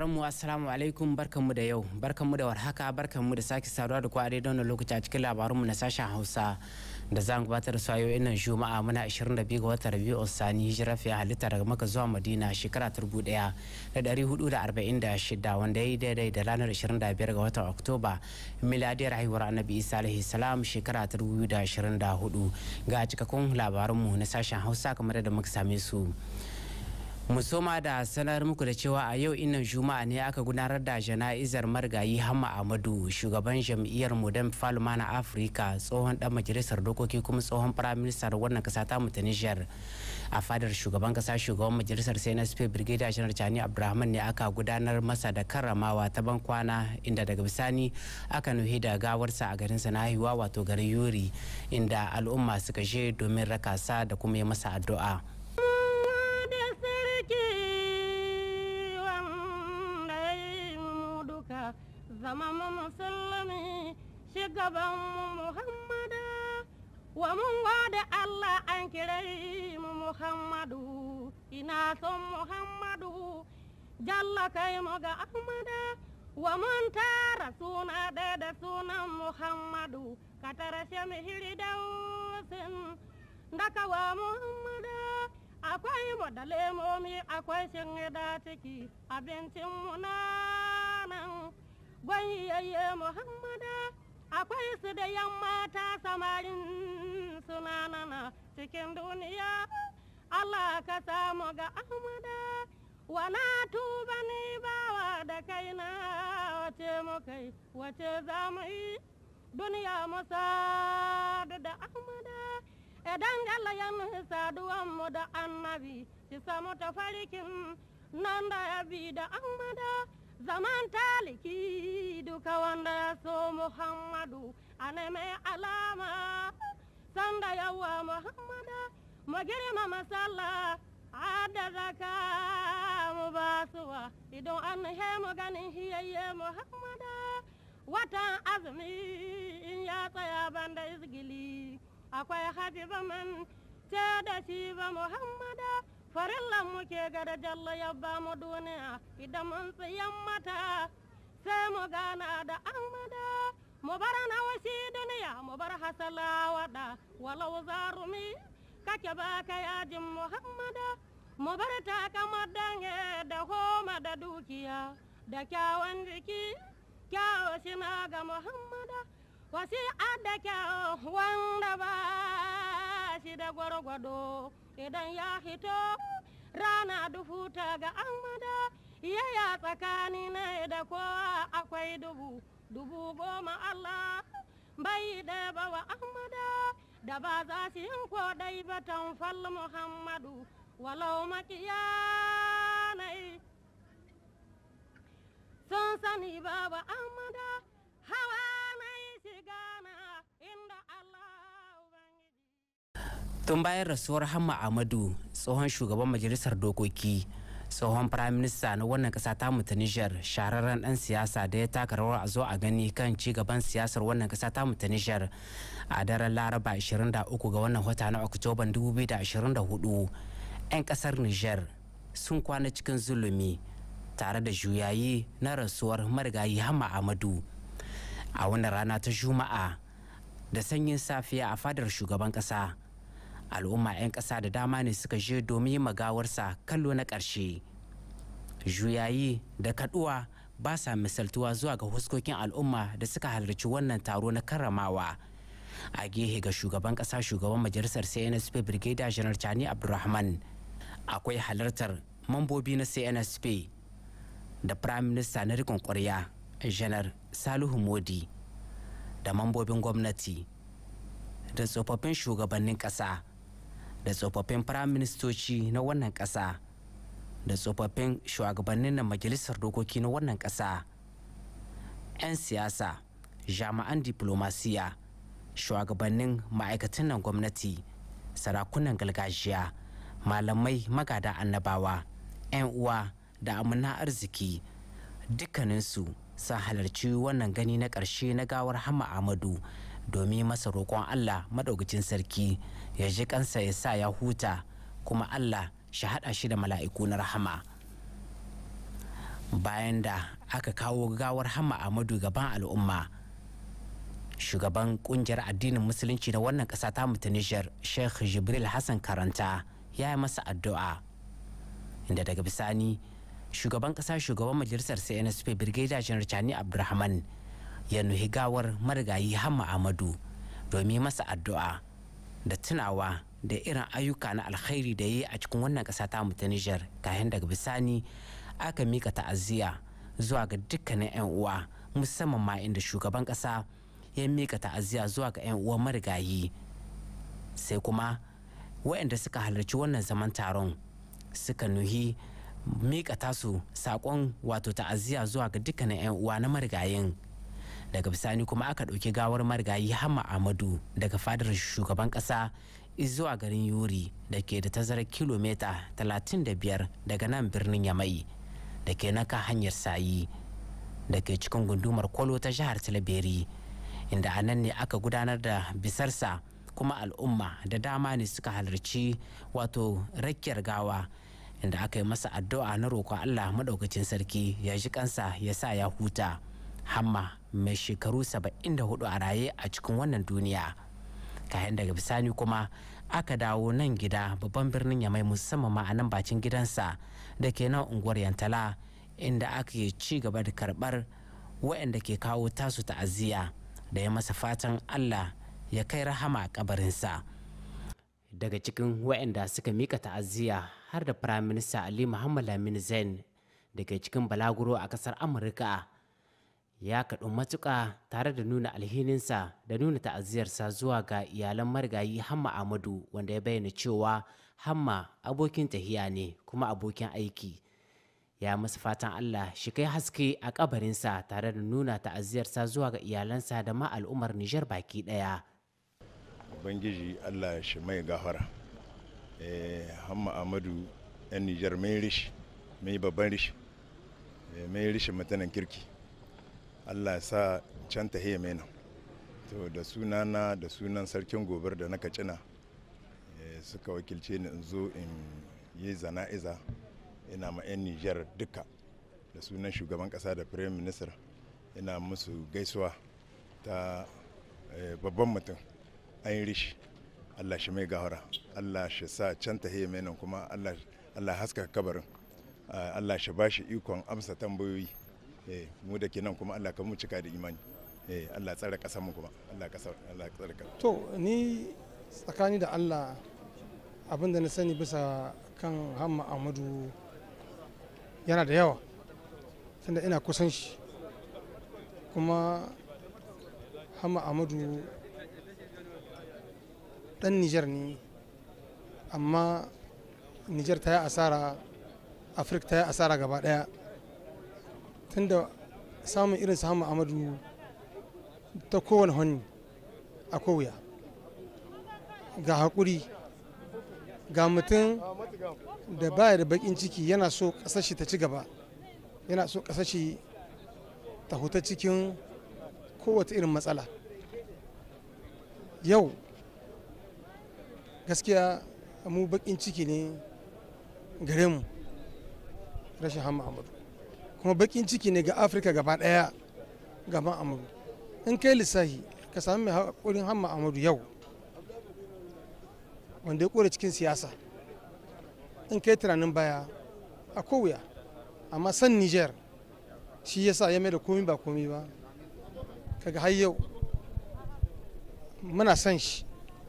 sauraron mu assalamu alaikum barkanmu da yau barkanmu da warhaka barkanmu da sake saduwa da ku a daidai wannan lokaci a cikin labarunmu na sashen Hausa da zan gabatar su yau nan Juma'a muna 22 ga watan Rabiu Sani hijira fiye halitta daga Makka zuwa Madina shekara ta 446 wanda ya yi daidai da ranar 25 ga watan Oktoba miladiyar haihuwar Annabi Isa alaihi salam shekara ta 24 ga cikakkun labarunmu na sashen Hausa kamar da muka same su. mu soma da sanar muku da cewa a yau innan juma'a ne aka gudanar da jana'izar margayi hamma amadu shugaban jam'iyyar modern falma na afirka tsohon dan majalisar dokoki kuma tsohon firaministar wannan kasa ta mutu nijar a fadar shugaban kasa shugaban majalisar cnsp brigadier janar chani abdulrahman ne aka gudanar masa da karramawa ta bankwana inda daga bisani aka nuhi da gawarsa a garin haihuwa wato garin yuri inda al'umma suka je domin rakasa da kuma yi masa addu'a. baban muhammadu wa mun gode allah an kirai mu muhammadu ina son muhammadu jalla kai mu ga ahmada wa mun tara suna ɗaya da sunan muhammadu ka tara shemihiri dausin daga wa muhammadu akwai mu da lemomi akwai shingida ciki abincin na nan gwayayye muhammadu akwai su da yan mata samarin suna nana cikin duniya Allah ka samu ga amada Wana tuba ni bawa da kaina wace mu kai wace za mu yi duniya musa da amada idan Allah ya saduwan mu da annabi ki samu tafarkin nan da ya bi da amada zaman taliki duka wanda ya so muhammadu a neme alama sanda yawa muhammada mu girma masalla adda zaka mu basuwa idan an he mu ganin hiyayye muhammada watan azumi in ya tsaya banda izgili akwai hajji ba man ce da shi ba muhammad Farin mu ke gada jallo ya ba mu duniya idan mun tsayan mata sai mu gana da amada mu bar wasi duniya mu bar hasala wada walau zarumi kake ba ka yajin muhammada mu bar takamar dange da homa da dukiya da kyawun jiki kyawo shina ga muhammada wasi da kyawo wanda ba shi da gwargwado idan ya hito rana dubu ta ga an mada yaya tsakani na da kowa akwai dubu dubu goma Allah bai da bawa Ahmada da ba za su yin kodai ba tamfal Muhammadu walau makiya sun sani babu tun bayan rasuwar hamma amadu tsohon shugaban majalisar dokoki tsohon prime minister na wannan kasa ta mutu Niger shahararren dan siyasa da ya taka rawar a zo a gani kan ci gaban siyasar wannan kasa ta mutu Niger a daren Laraba 23 ga wannan wata na oktoba 2024 'yan kasar Niger sun kwana cikin zulumi tare da juyayi na rasuwar marigayi hamma Amadu a wannan rana ta Juma'a da sanyin safiya a fadar shugaban kasa. al'umma 'yan ƙasa da dama ne suka je domin ma magawarsa kallo na ƙarshe juyayi da kaɗuwa ba sa misaltuwa zuwa ga huskokin al'umma da suka halarci wannan taro na karramawa a gehe ga shugaban ƙasa shugaban majalisar cnsp brigadier janar chani abdulrahman akwai halartar mambobi na cnsp da prime minister na rikon kwarya janar salihu modi da mambobin gwamnati da tsofaffin shugabannin ƙasa da tsofaffin firaministoci na wannan ƙasa da tsofaffin shugabannin na majalisar dokoki na wannan ƙasa 'yan siyasa jami'an diplomasiya shugabannin ma'aikatan nan gwamnati sarakunan galgajiya malamai magada annabawa 'yan uwa da amina arziki dukkaninsu sun halarci wannan gani na ƙarshe na gawar hama amadu domin masa roƙon allah madaukacin sarki ya ji kansa ya sa ya huta kuma allah shi haɗa shi da mala'iku na rahama bayan da aka kawo gawar hama amadu gaban al'umma shugaban kungiyar addinin musulunci na wannan ƙasa ta nijar sheikh jibril hassan karanta ya yi masa addu'a inda daga bisani shugaban ƙasa shugaban majalisar cnsp birgeda janar chani abdulrahman ya nuhi gawar marigayi hamma amadu domin masa addu'a da tunawa da irin ayyuka na alkhairi da ya yi a cikin wannan ƙasa ta mu ta Nijar kayan daga bisani aka mika ta'aziyya zuwa ga dukkanin 'yan uwa musamman ma inda shugaban ƙasa ya mika ta'aziyya zuwa ga 'yan uwa marigayi sai kuma waɗanda suka halarci wannan zaman taron suka nuhi mika tasu saƙon wato ta'aziyya zuwa ga dukkanin 'yan uwa na marigayin daga bisani kuma aka ɗauki gawar marigayi hama amadu daga fadar shugaban ƙasa zuwa garin yuri da ke da tazarar kilomita 35 daga nan birnin yamai da ke naka hanyar sayi da ke cikin gundumar kwalo ta jihar talabiri inda a nan ne aka gudanar da bisarsa kuma al'umma da dama ne suka halarci wato rakiyar gawa inda aka yi masa addu'a na roƙon allah maɗaukacin sarki ya ji kansa ya sa ya huta hamma mai shekaru 74 a raye a cikin wannan duniya kayan daga bisani kuma aka dawo nan gida babban birnin yamai musamman ma a nan bacin gidansa da ke nan unguwar yantala inda aka yi ci gaba da karbar waɗanda ke kawo tasu ta'aziyya da ya masa fatan allah ya kai rahama a kabarinsa daga cikin waɗanda suka mika ta'aziyya har da firaminista ali muhammad lamin zain daga cikin balaguro a ƙasar amurka ya kaɗu matuƙa tare da nuna alhininsa da nuna ta'aziyarsa zuwa ga iyalan marigayi hamma amadu wanda ya bayyana cewa hamma abokin tahiya ne kuma abokin aiki ya masa fatan allah shi kai haske a kabarinsa tare da nuna ta'aziyarsa zuwa ga iyalansa da ma al'ummar nijar baki ɗaya ubangiji allah shi mai gafara eh, hamma amadu yan nijar mai rishi mai babban rishi eh, mai rishi matanan kirki allah ya sa can ta heye mena to da sunana da sunan sarkin gobar da na kacina eh, suka wakilce ni in zo in yi zana'iza ina ma 'yan nijar duka da sunan shugaban kasa da prime minister ina musu gaisuwa ta eh, babban mutum an yi rishi allah shi mai gawara allah shi sa can ta heye mena kuma allah haska kabarin ah, allah shi ba shi ikon amsa tambayoyi Eh, mu da ke nan kuma Allah ka mu cika da imani eh, Allah tsare kasar mu kuma Allah kasar Allah tsare kasar to ni tsakani da Allah abinda na sani bisa kan Hamma Ahmadu yana da yawa tunda ina kusan shi kuma Hamma Ahmadu dan Nijar ne amma Nijar ta yi asara Afirka ta yi asara gaba daya tunda samun irin samun amadu ta kowane hannu a wuya ga haƙuri ga mutum da baya da baƙin ciki yana so ƙasashe ta ci gaba yana so ƙasashe ta huta cikin kowace irin matsala yau gaskiya mu baƙin ciki ne gare mu rashin hamma amadu kuma bakin ciki ne ga afirka gaba daya gaban amadu in kai lissahi ka sami mai haƙurin hamma amadu yau wanda ya kore cikin siyasa in kai tunanin baya a kowuya amma san niger shi ya sa ya mai da komi ba komi ba kaga har yau muna san shi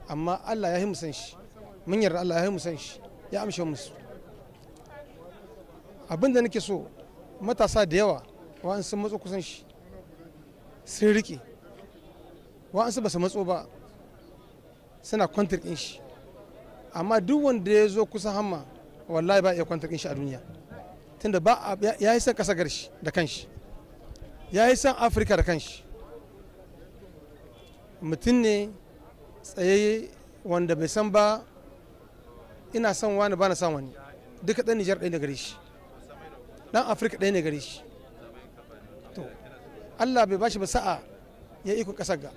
amma allah ya yi mu san shi mun yarda allah ya yi mu san shi ya amshe musu abin da nake so matasa da yawa wa'an sun matso kusan shi sun rike wa'an su ba su matso ba suna kwantar ɗin shi amma duk wanda ya zo kusa hamma wallahi ba iya kwantar ɗin shi a duniya tunda ba ya yi san ƙasa garshi da kanshi ya yi san afirka da kanshi mutum ne tsaye wanda bai san ba ina son wani ba na san wani duka ɗan nijar ɗaya da gare shi dan afirka ɗaya ne gare shi to allah bai bashi ba sa'a ya iko ƙasar ga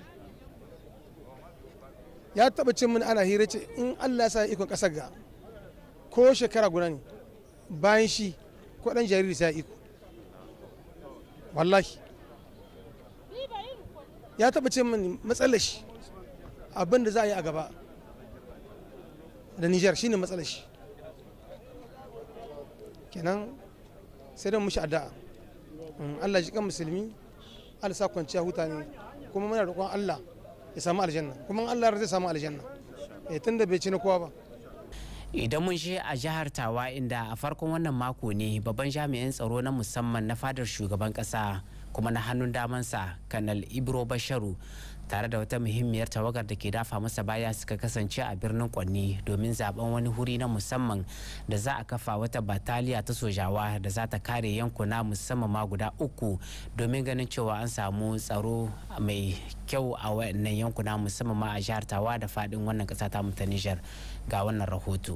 ya taɓa cin mini ana hira ce in allah ya sa ya iko ƙasar ga ko shekara guda ne bayan shi ko ɗan jariri sai ya iko wallahi ya taɓa cin mini matsalar shi abin da za a yi a gaba da nijar shine matsalar shi kenan sai dai mushi addu'a mm, Allah ji kan musulmi Allah sa kwanciya huta ne kuma muna roƙon Allah ya samu aljanna kuma Allah zai samu aljanna eh tunda bai ci na kowa ba idan mun je a jihar tawa inda a farkon wannan mako ne babban jami'in tsaro na musamman na fadar shugaban ƙasa. kuma na hannun damansa kanal ibro basharu tare da wata muhimmiyar tawagar da ke dafa masa baya suka kasance a birnin kwanni domin zaben wani huri na musamman da za a kafa wata bataliya ta sojawa da za ta kare yankuna musamman ma guda uku domin ganin cewa an samu tsaro mai kyau a wannan yankuna musamman ma a jihar tawa da fadin wannan kasa ta ta nijar ga wannan rahoto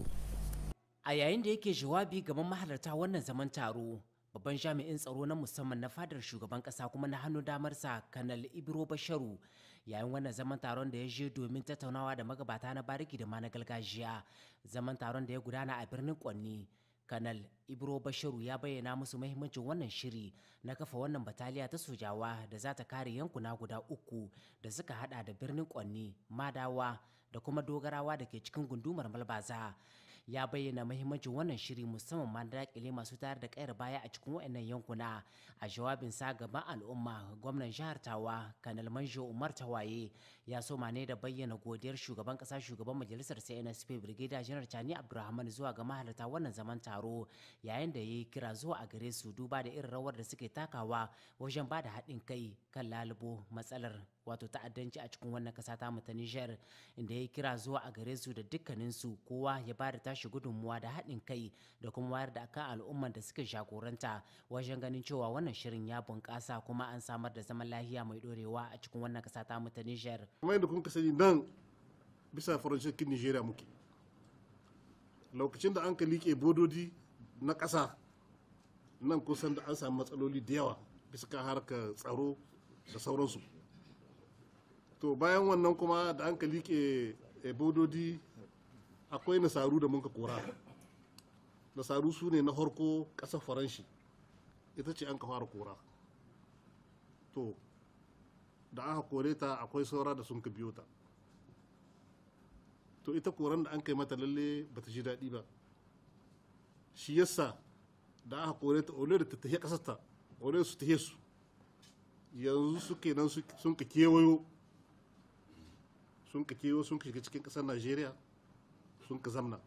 a yayin da yake jawabi gaban mahalarta wannan zaman taro babban jami'in tsaro na musamman na fadar shugaban kasa kuma na hannu sa, kanal ibro basharu yayin wannan zaman taron da ya je domin tattaunawa da magabata na bariki da ma na gargajiya zaman taron da ya gudana a birnin kwanni kanal ibro basharu ya bayyana musu mahimmancin wannan shiri na kafa wannan bataliya ta sojawa da za ta kare yankuna guda uku da suka hada da birnin kwanni madawa da kuma dogarawa da ke cikin gundumar malbaza ya bayyana mahimmancin wannan shiri musamman ma dakile masu tayar da ƙayar baya a cikin waɗannan yankuna a jawabin sa gaban al'umma gwamnan jihar tawa kanal manjo umar tawaye ya so ne da bayyana godiyar shugaban ƙasa shugaban majalisar nsp brigadier janar chani abdulrahman zuwa ga mahalarta wannan zaman taro yayin da ya yi kira zuwa a gare su duba da irin rawar da suke takawa wajen ba da haɗin kai kan lalubo matsalar wato ta'addanci a cikin wannan kasa ta mu ta inda ya kira zuwa a gare su da dukkanin su kowa ya ba da tashi gudunmuwa da haɗin kai da kuma wayar da akan al'ummar da suka jagoranta wajen ganin cewa wannan shirin ya bunƙasa kuma an samar da zaman lafiya mai dorewa a cikin wannan kasa ta mu ta Kamar yadda kun sani nan bisa farancikin Nigeria muke. Lokacin da an ka liƙe bododi na ƙasa nan kusan da an samu matsaloli da yawa bisa kan harkar tsaro da sauransu. to bayan wannan kuma da an ka liƙe eh, bododi akwai nasaru da muka kora nasaru su ne na harko ƙasar faranshi ita ce an ka fara kora to da aka kore ta akwai saura da sun ka biyo ta to ita koran da an kai mata lalle ba ta ji daɗi ba shi yasa da aka kore ta ole da ta tafiye ta ole su tafiye su yanzu suke nan sun ka kewayo sun ka kewa sun shiga cikin ƙasar najeriya sun ka zamna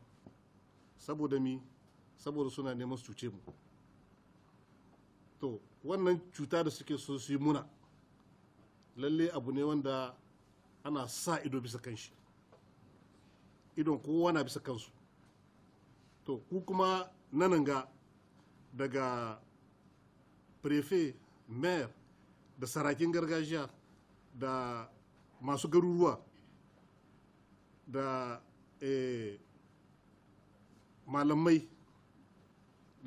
saboda mi saboda suna neman su cuce mu to wannan cuta da suke so su yi muna lalle abu ne wanda ana sa ido bisa kan shi idon kowa na bisa kansu to ku kuma nanan ga daga prefe mayor da sarakin gargajiya da masu garuruwa da eh, malamai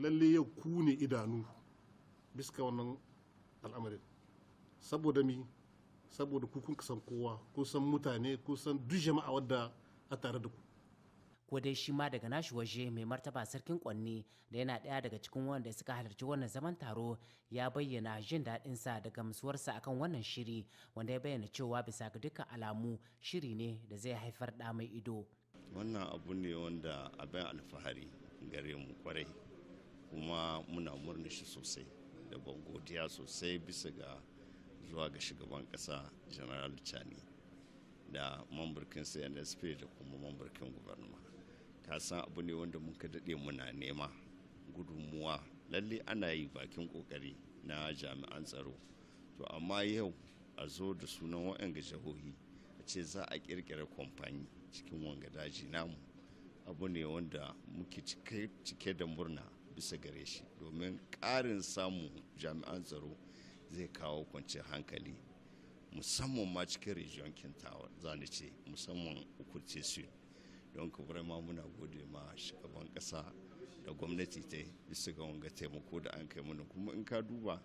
lalle ya kune idanu bisa wannan al'amarin saboda mi saboda ku kun san kowa kusan mutane kusan san duk jama'a wadda a tare da ku ko dai shi ma daga nashi waje mai martaba sarkin kwanni da yana ɗaya daga cikin wanda suka halarci wannan zaman taro ya bayyana jin sa da gamsuwarsa akan wannan shiri wanda ya bayyana cewa bisa ga dukkan alamu shiri ne da zai haifar da mai ido wannan abu ne wanda abin alfahari gare mu kwarai kuma muna murna shi sosai da ban godiya sosai bisa ga zuwa ga shugaban kasa general chani da mamburkin cnsp da kuma mamburkin gubernuma ka san abu ne wanda muka daɗe muna nema gudunmuwa lalle ana yi bakin ƙoƙari na jami'an tsaro to amma yau a zo da sunan ga jihohi a ce za a ƙirƙira kwamfani cikin wanga daji namu abu ne wanda muke cike da murna bisa gare shi domin ƙarin samun jami'an tsaro zai kawo kwanciyar hankali musamman ma cikin region kintawa za ce musamman ukurce sud don ku ma muna gode ma shugaban kasa da gwamnati ta bisa ga wanga taimako da an kai mana kuma in ka duba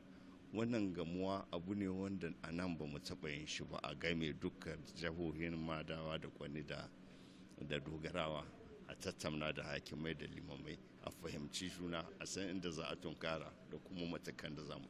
wannan gamuwa abu ne wanda a nan ba mu taɓa yin shi ba a game dukkan jihohin madawa da kwani da dogarawa a tattamna da hakimai da limamai a fahimci juna a san inda za a tunkara da kuma matakan da za mu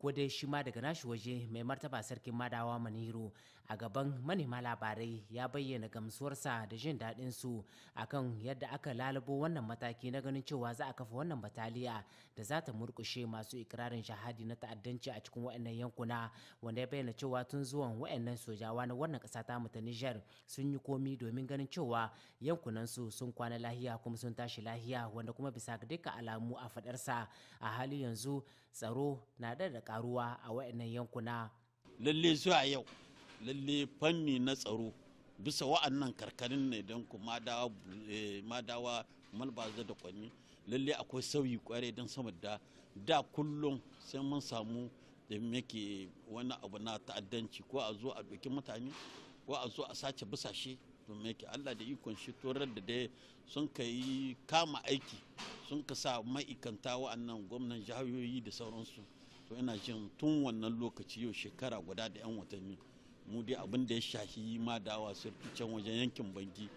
ko dai shi ma daga nashi waje mai martaba sarkin madawa maniro a gaban manema labarai ya bayyana gamsuwarsa da jin daɗin su akan yadda aka lalubo wannan mataki na ganin cewa za a kafa wannan bataliya da za ta murƙushe masu ikirarin shahadi na ta'addanci a cikin waɗannan yankuna wanda ya bayyana cewa tun zuwan waɗannan sojawa na wannan ƙasa ta ta Nijar sun yi komi domin ganin cewa yankunan su sun kwana lahiya kuma sun tashi lahiya wanda kuma bisa ga dukkan alamu a faɗarsa a hali yanzu tsaro na da da karuwa a waɗannan yankuna lalle zuwa yau lalle fanni na tsaro bisa wa'annan karkarin ne don ku madawa eh, malbaza da kwanni lalle akwai sauyi kware don sama da da kullum sai mun samu da yake wani abu na ta'addanci ko a zo a ɗauki mutane ko a zo a sace bisashe meki allah da ikon shi torar da dai sun ka yi kama aiki sun ka sa ma'aikanta wa'annan gwamnan jihohi da sauransu to ina jin tun wannan lokaci yau shekara guda da 'yan watanni mu dai abin da ya shahi ma dawa sirfi can wajen yankin bangi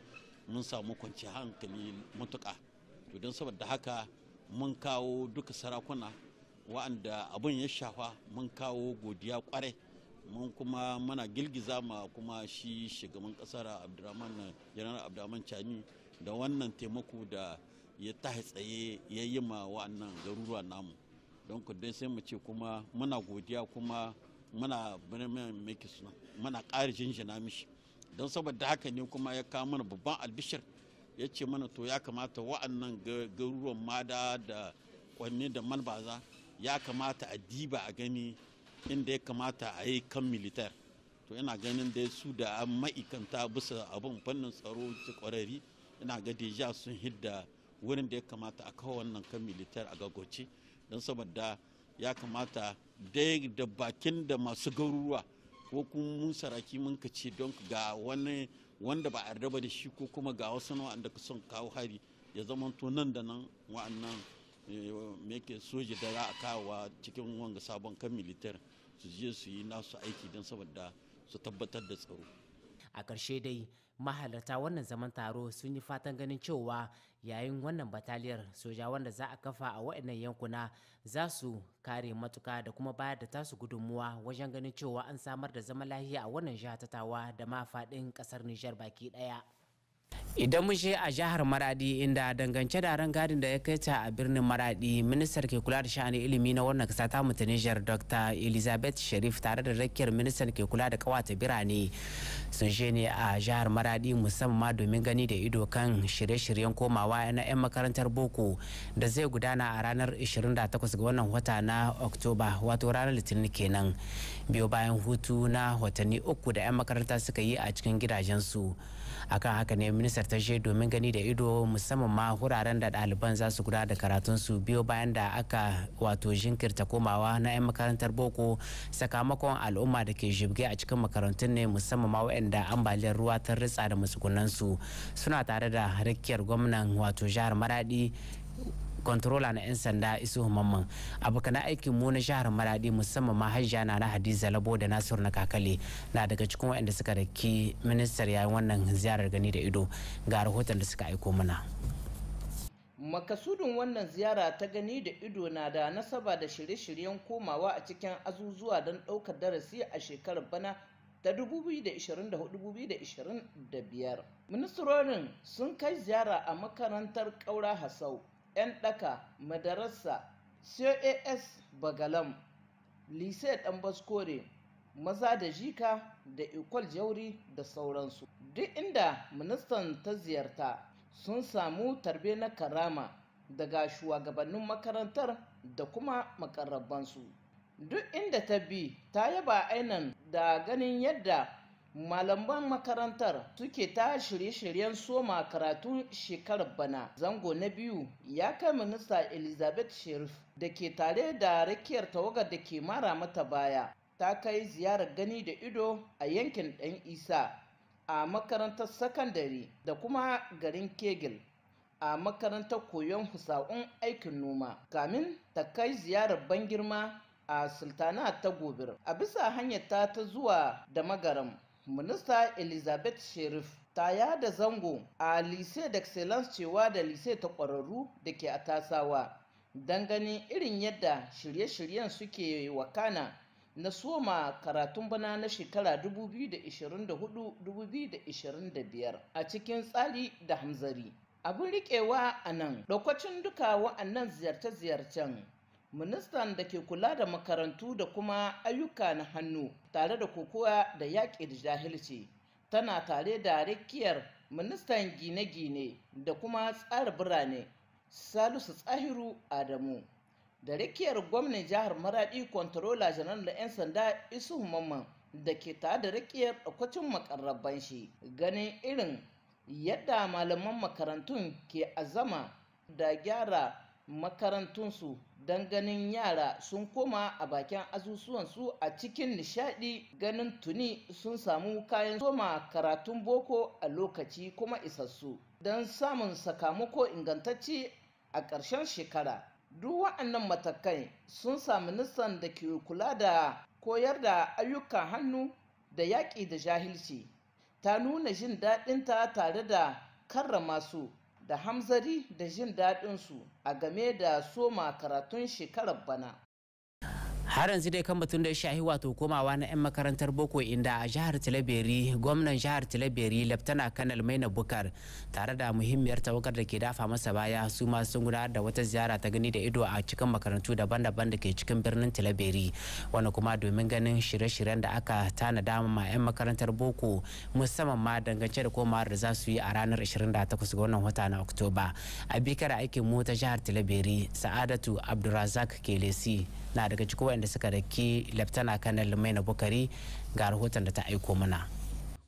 mun samu kwanci hankali matuka to don saboda haka mun kawo duka sarakuna wa'anda abin ya shafa mun kawo godiya kwarai mun kuma mana girgiza ma kuma shi shugaban kasar abdurrahman janar abdurrahman chani da wannan taimako da ya ta tsaye ya yi ma wa'annan garuruwa namu don kudin sai mu ce kuma muna godiya kuma muna miki suna muna ƙari jinjina mishi don saboda haka ne kuma ya kawo mana babban albishir ya ce mana to ya kamata wa'annan garuruwan mada da kwanne da malbaza ya kamata a diba a gani inda ya kamata a yi kan militar to ina ganin dai su da ma'aikanta bisa abin fannin tsaro su kwarari ina ga deja sun hidda wurin da ya kamata a kawo wannan kan militar a gagoce don saboda ya kamata dai da bakin da masu garuruwa ko kuma mun saraki mun kace don ga wani wanda ba a raba da shi ko kuma ga wasu nawa ka son kawo hari ya zama to nan da nan wa'annan eh, me ke soji da za a kawo cikin wanga sabon kan militar su je su yi nasu aiki don saboda su tabbatar da tsaro a ƙarshe dai mahalarta wannan zaman taro sun yi fatan ganin cewa yayin wannan bataliyar soja wanda za a kafa a waɗannan yankuna za su kare matuka da kuma bayar da tasu gudunmuwa wajen ganin cewa an samar da zaman lahiya a wannan jihar ta tawa da ma faɗin ƙasar nijar baki ɗaya idan mun je a jihar maradi inda dangance da gadin da ya kai ta a birnin maradi ministar ke kula da sha'anin ilimi na wannan kasa ta mutu nijar dr elizabeth sharif tare da rakiyar ministar ke kula da kawata birane sun je ne a jihar maradi musamman domin gani da ido kan shirye-shiryen komawa na 'yan makarantar boko da zai gudana a ranar 28 ga wannan wata na oktoba wato ranar litinin kenan biyo bayan hutu na watanni uku da 'yan makaranta suka yi a cikin gidajensu. akan haka ne ministar ta je domin gani da ido musamman ma wuraren da ɗaliban za su guda da su biyo bayan da aka wato jinkirta komawa na 'yan makarantar boko sakamakon al'umma da ke jibge a cikin makarantun ne musamman ma waɗanda ambaliyar ruwa ta ritsa da su suna tare da harkiyar gwamnan wato jihar maradi kontrola na 'yan sanda isu mamman abokan aikin mu na jihar maradi musamman ma hajja na na hadiza labo da nasiru na kakale na daga cikin waɗanda suka daki ministar yayin wannan ziyarar gani da ido ga rahoton da suka aiko mana makasudin wannan ziyara ta gani da ido na da nasaba da shirye-shiryen komawa a cikin azuzuwa don ɗaukar darasi a shekarar bana ta 2024-2025 ministrorin sun kai ziyara a makarantar ƙaura hasau 'yan ɗaka madarasa cas bagalam lise ɗan baskore maza da jika da ikol jauri da sauransu duk inda ministan ta ziyarta sun samu tarbe na karama daga shugabannin makarantar da kuma makarabbansu. duk inda ta bi ta yaba ainan da ganin yadda malaman makarantar suke ta shirye-shiryen soma karatu shekarar bana zango na biyu ya kai minista elizabeth sherif da ke tare da rakiyar tawagar da ke mara mata baya ta kai ziyarar gani da ido a yankin Ɗan isa a makarantar sakandare da kuma garin kegel a makarantar koyon husa'un aikin noma kamin ta kai ziyarar ban girma a sultana ta gobir a bisa hanyar ta zuwa da magaram minista elizabeth sherif ta yada zango a lise d'excellence cewa da lise ta ƙwararru da ke a tasawa don ganin irin yadda shirye-shiryen suke wakana na soma karatun bana na shekara 2024-2025 a cikin tsari da hamzari abin riƙewa a nan lokacin duka wa'annan ziyarce-ziyarcen ministan da ke kula da makarantu da kuma ayyuka na hannu tare da kokowa da yaƙi da jahilci tana tare da rikiyar ministan gine-gine da kuma tsara birane salisu tsahiru adamu da rikiyar gwamnan jihar maradi kwantarola janar da 'yan sanda isu mamman da ke tare da rikiyar ɗaukacin makarraban shi ganin irin yadda malaman makarantun ke azama da gyara makarantunsu don ganin yara sun koma a bakin azusuwansu a cikin nishadi ganin tuni sun samu kayan soma karatun boko a lokaci kuma isassu don samun sakamako ingantacci a ƙarshen shekara duk wa'annan matakai sun sami nisan da ke kula da koyar da ayyukan hannu da yaƙi da jahilci ta nuna jin daɗinta tare da karrama su da hamzari da jin daɗinsu a game da soma karatun shekarar bana har yanzu dai kan batun da ya shahi wato komawa na 'yan makarantar boko inda a jihar tilaberi gwamnan jihar tilaberi laftana kanal maina bukar tare da muhimmiyar tawagar da ke dafa masa baya su ma sun gudanar da wata ziyara ta gani da ido a cikin makarantu daban-daban da ke cikin birnin tilaberi wani kuma domin ganin shirye-shiryen da aka tana tanada ma 'yan makarantar boko musamman ma dangance da komawar da za su yi a ranar 28 ga wannan wata na oktoba a bikar aikin mu ta jihar tilaberi sa'adatu abdulrazak kelesi na daga cikin wayanda suka raki laftana kanal maina bukari ga rahoton da ta aiko mana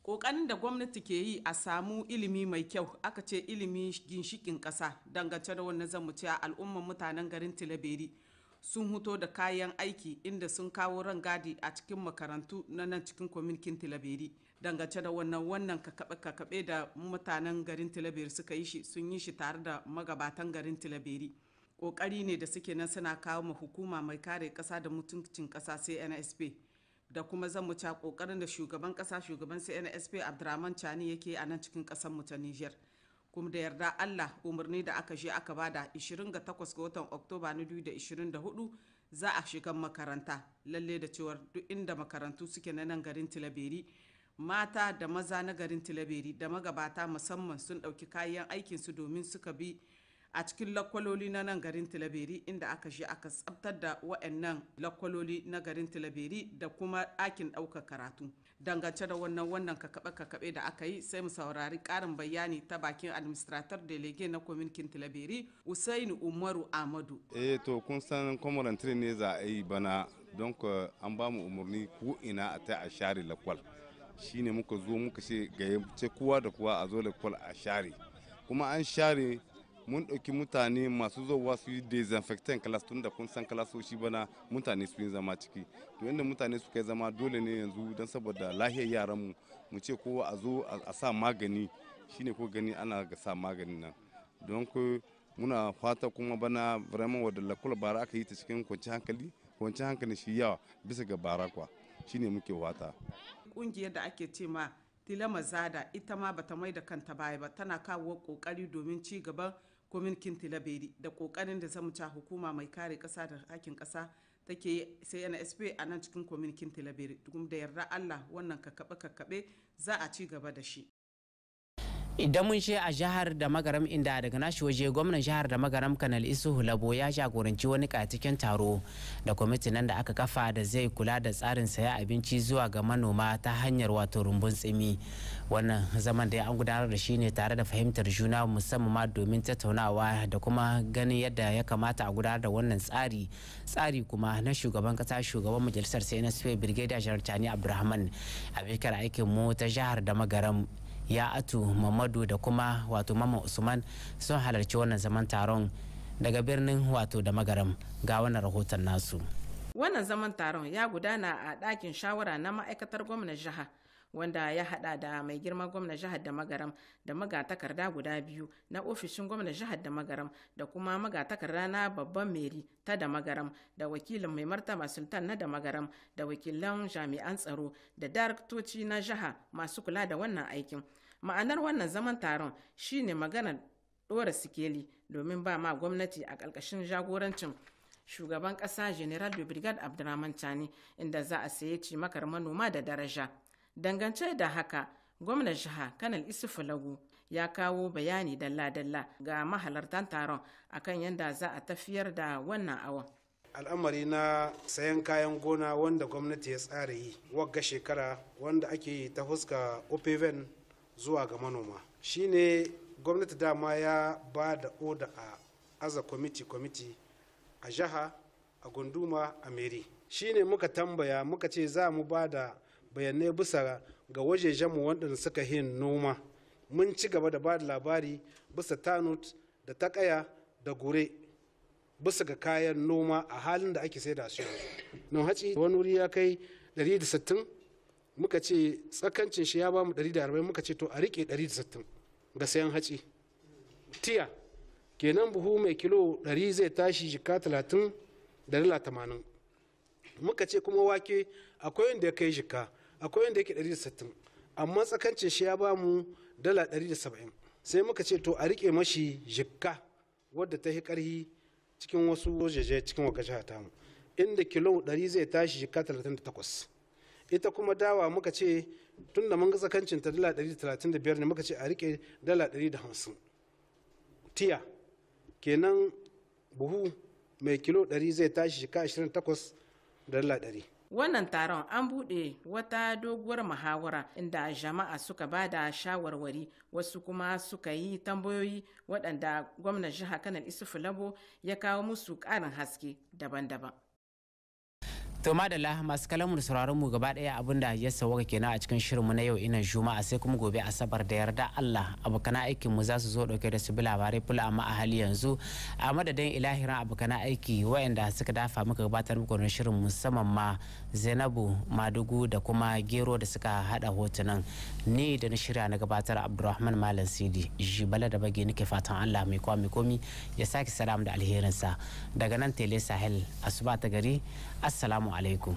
kokarin da gwamnati ke yi a samu ilimi mai kyau aka ce ilimi ginshikin kasa dangance da wannan zan ce a al'umman mutanen garin tilaberi sun huto da kayan aiki inda sun kawo rangadi a cikin makarantu na nan cikin kwamitin tilaberi dangance da wannan wannan kakaɓe da mutanen garin tilaberi suka yi shi sun yi shi tare da magabatan garin tilaberi ƙoƙari ne da suke nan suna kawo ma hukuma mai kare ƙasa da mutuncin ƙasa cnsp da kuma zan muta kokarin da shugaban kasa shugaban cnsp abdurrahman chani yake a nan cikin ƙasar mu ta niger kuma da yarda allah umarni da aka je aka bada 28 ga watan oktoba na 2024 za a shiga makaranta lalle da cewar duk inda makarantu suke na nan garin tilaberi mata da maza na garin tilaberi da magabata musamman sun ɗauki kayan aikinsu domin suka bi a cikin lakwaloli na nan garin tilaberi inda aka shi aka tsabtar da wa'annan lakwaloli na garin tilaberi da kuma ɗakin ɗaukar karatu dangance da wannan wannan kakaɓe-kakaɓe da aka yi sai mu saurari ƙarin bayani ta bakin administrator delege na kwaminkin tilaberi usainu umaru amadu eh to kun san tiri ne za a yi bana don an ba mu umarni ko ina a ta a share lakwal shi ne muka zo muka ce ga kowa da kowa a zo lakwal a share kuma an share mun ɗauki mutane masu zuwa su yi desinfectant class tun da kun san shi bana mutane su yi zama ciki to inda mutane suka yi zama dole ne yanzu don saboda lahiyar yaran mu ce kowa a zo a sa magani shine ko gani ana ga sa magani nan don ku muna fata kuma bana vraiment wadda lakula bara aka yi ta cikin kwanci hankali kwanci hankali shi yawa bisa ga bara kwa shine muke wata ƙungiyar da ake ce ma tilama zada ita ma bata mai da kanta baya ba tana kawo kokari domin ci gaban gwamnatin tilaberi da kokarin da ta hukuma mai kare kasa da hakin kasa take yi sai nsp a nan cikin kwamitin tilaberi da yarda allah wannan kakkaɓe kakkaɓe za a ci gaba da shi idan mun she a jihar da magaram inda daga nashi waje gwamnan jihar da magaram kanal isu hulabo ya jagoranci wani katikin taro da kwamitin nan da aka kafa da zai kula da tsarin saya abinci zuwa ga manoma ta hanyar wato rumbun tsimi wannan zaman da ya an gudanar da shi ne tare da fahimtar juna musamman ma domin tattaunawa da kuma ganin yadda ya kamata a gudanar da wannan tsari tsari kuma na shugaban kasa shugaban majalisar sai na birgeda janar tani abdulrahman a aikin mu ta jihar da magaram ya atu mamadu da kuma wato mama usman sun halarci wannan zaman taron daga birnin wato da magaram ga wannan rahoton nasu wannan zaman taron ya gudana a ɗakin shawara na ma'aikatar gwamnan jiha wanda ya hada da mai girma gwamna jihar da magaram da magatakarda guda biyu na ofishin gwamna jihar da magaram da kuma magatakarda na babban meri ta da magaram da wakilin mai martaba sultan na da magaram da wakilan jami'an tsaro da daraktoci na jiha masu kula da wannan aikin ma'anar wannan zaman taron shine maganar dora sikeli domin ba ma gwamnati a ƙarƙashin jagorancin shugaban ƙasa general brigade abdurrahman chani inda za a sayi cimakar manoma da daraja dangance da haka gwamnan jiha kanal isufu Falagu ya kawo bayani dalla-dalla ga mahalartar taron akan yadda za a tafiyar da wannan awon al'amari na sayan kayan gona wanda gwamnati ya tsara yi wagga shekara wanda ake yi ta huska opeven zuwa ga manoma shine gwamnati dama ya ba da oda a aza kwamiti-kwamiti a jiha a gunduma a meri shine muka tambaya muka ce za mu ba da bayanai bisa ga wajejenmu waɗanda suka yi noma mun ci gaba da ba da labari bisa tanut da takaya da gure bisa ga kayan noma a halin da ake saida su yanzu nan haci wani wuri ya kai 160 muka ce tsakancin shi ya ba mu 140 muka ce to a rike 160 ga sayan haci tiya kenan buhu mai kilo 100 zai tashi jika 30 da dala 80 muka ce kuma wake akwai inda ya kai jika akwai wanda yake 160 amma tsakancin shi ya ba mu dala 170 sai muka ce to a rike mashi jikka wadda ta yi karhi cikin wasu wajeje cikin waka jiha ta mu inda kilo 100 zai tashi jikka 38 ita kuma dawa muka ce tun da mun ga tsakancin ta dala 135 ne muka ce a rike dala 150 tiya kenan buhu mai kilo 100 zai tashi jikka 28 da dala 100 Wannan taron an buɗe wata doguwar muhawara inda jama'a suka ba da shawarwari wasu kuma suka yi tambayoyi waɗanda gwamnan jiha Kanan Isufu Labo ya kawo musu ƙarin haske daban-daban. to madalla masu kalamu da sauraron mu gaba daya abin da ya ke kenan a cikin shirinmu na yau ina juma'a sai kuma gobe asabar da yarda Allah abokan aikin mu za su zo dauke da su bi labarai fula amma a hali yanzu a madadin ilahiran abokan aiki waɗanda suka dafa muka gabatar muku na shirin musamman ma Zainabu Madugu da kuma Gero da suka hada hotunan ni da na shirya na gabatar Abdulrahman Malam Sidi jibala da bage nake fatan Allah mai kwa mai komi ya sake salam da alherinsa daga nan Tele Sahel asuba ta gari assalamu alaikum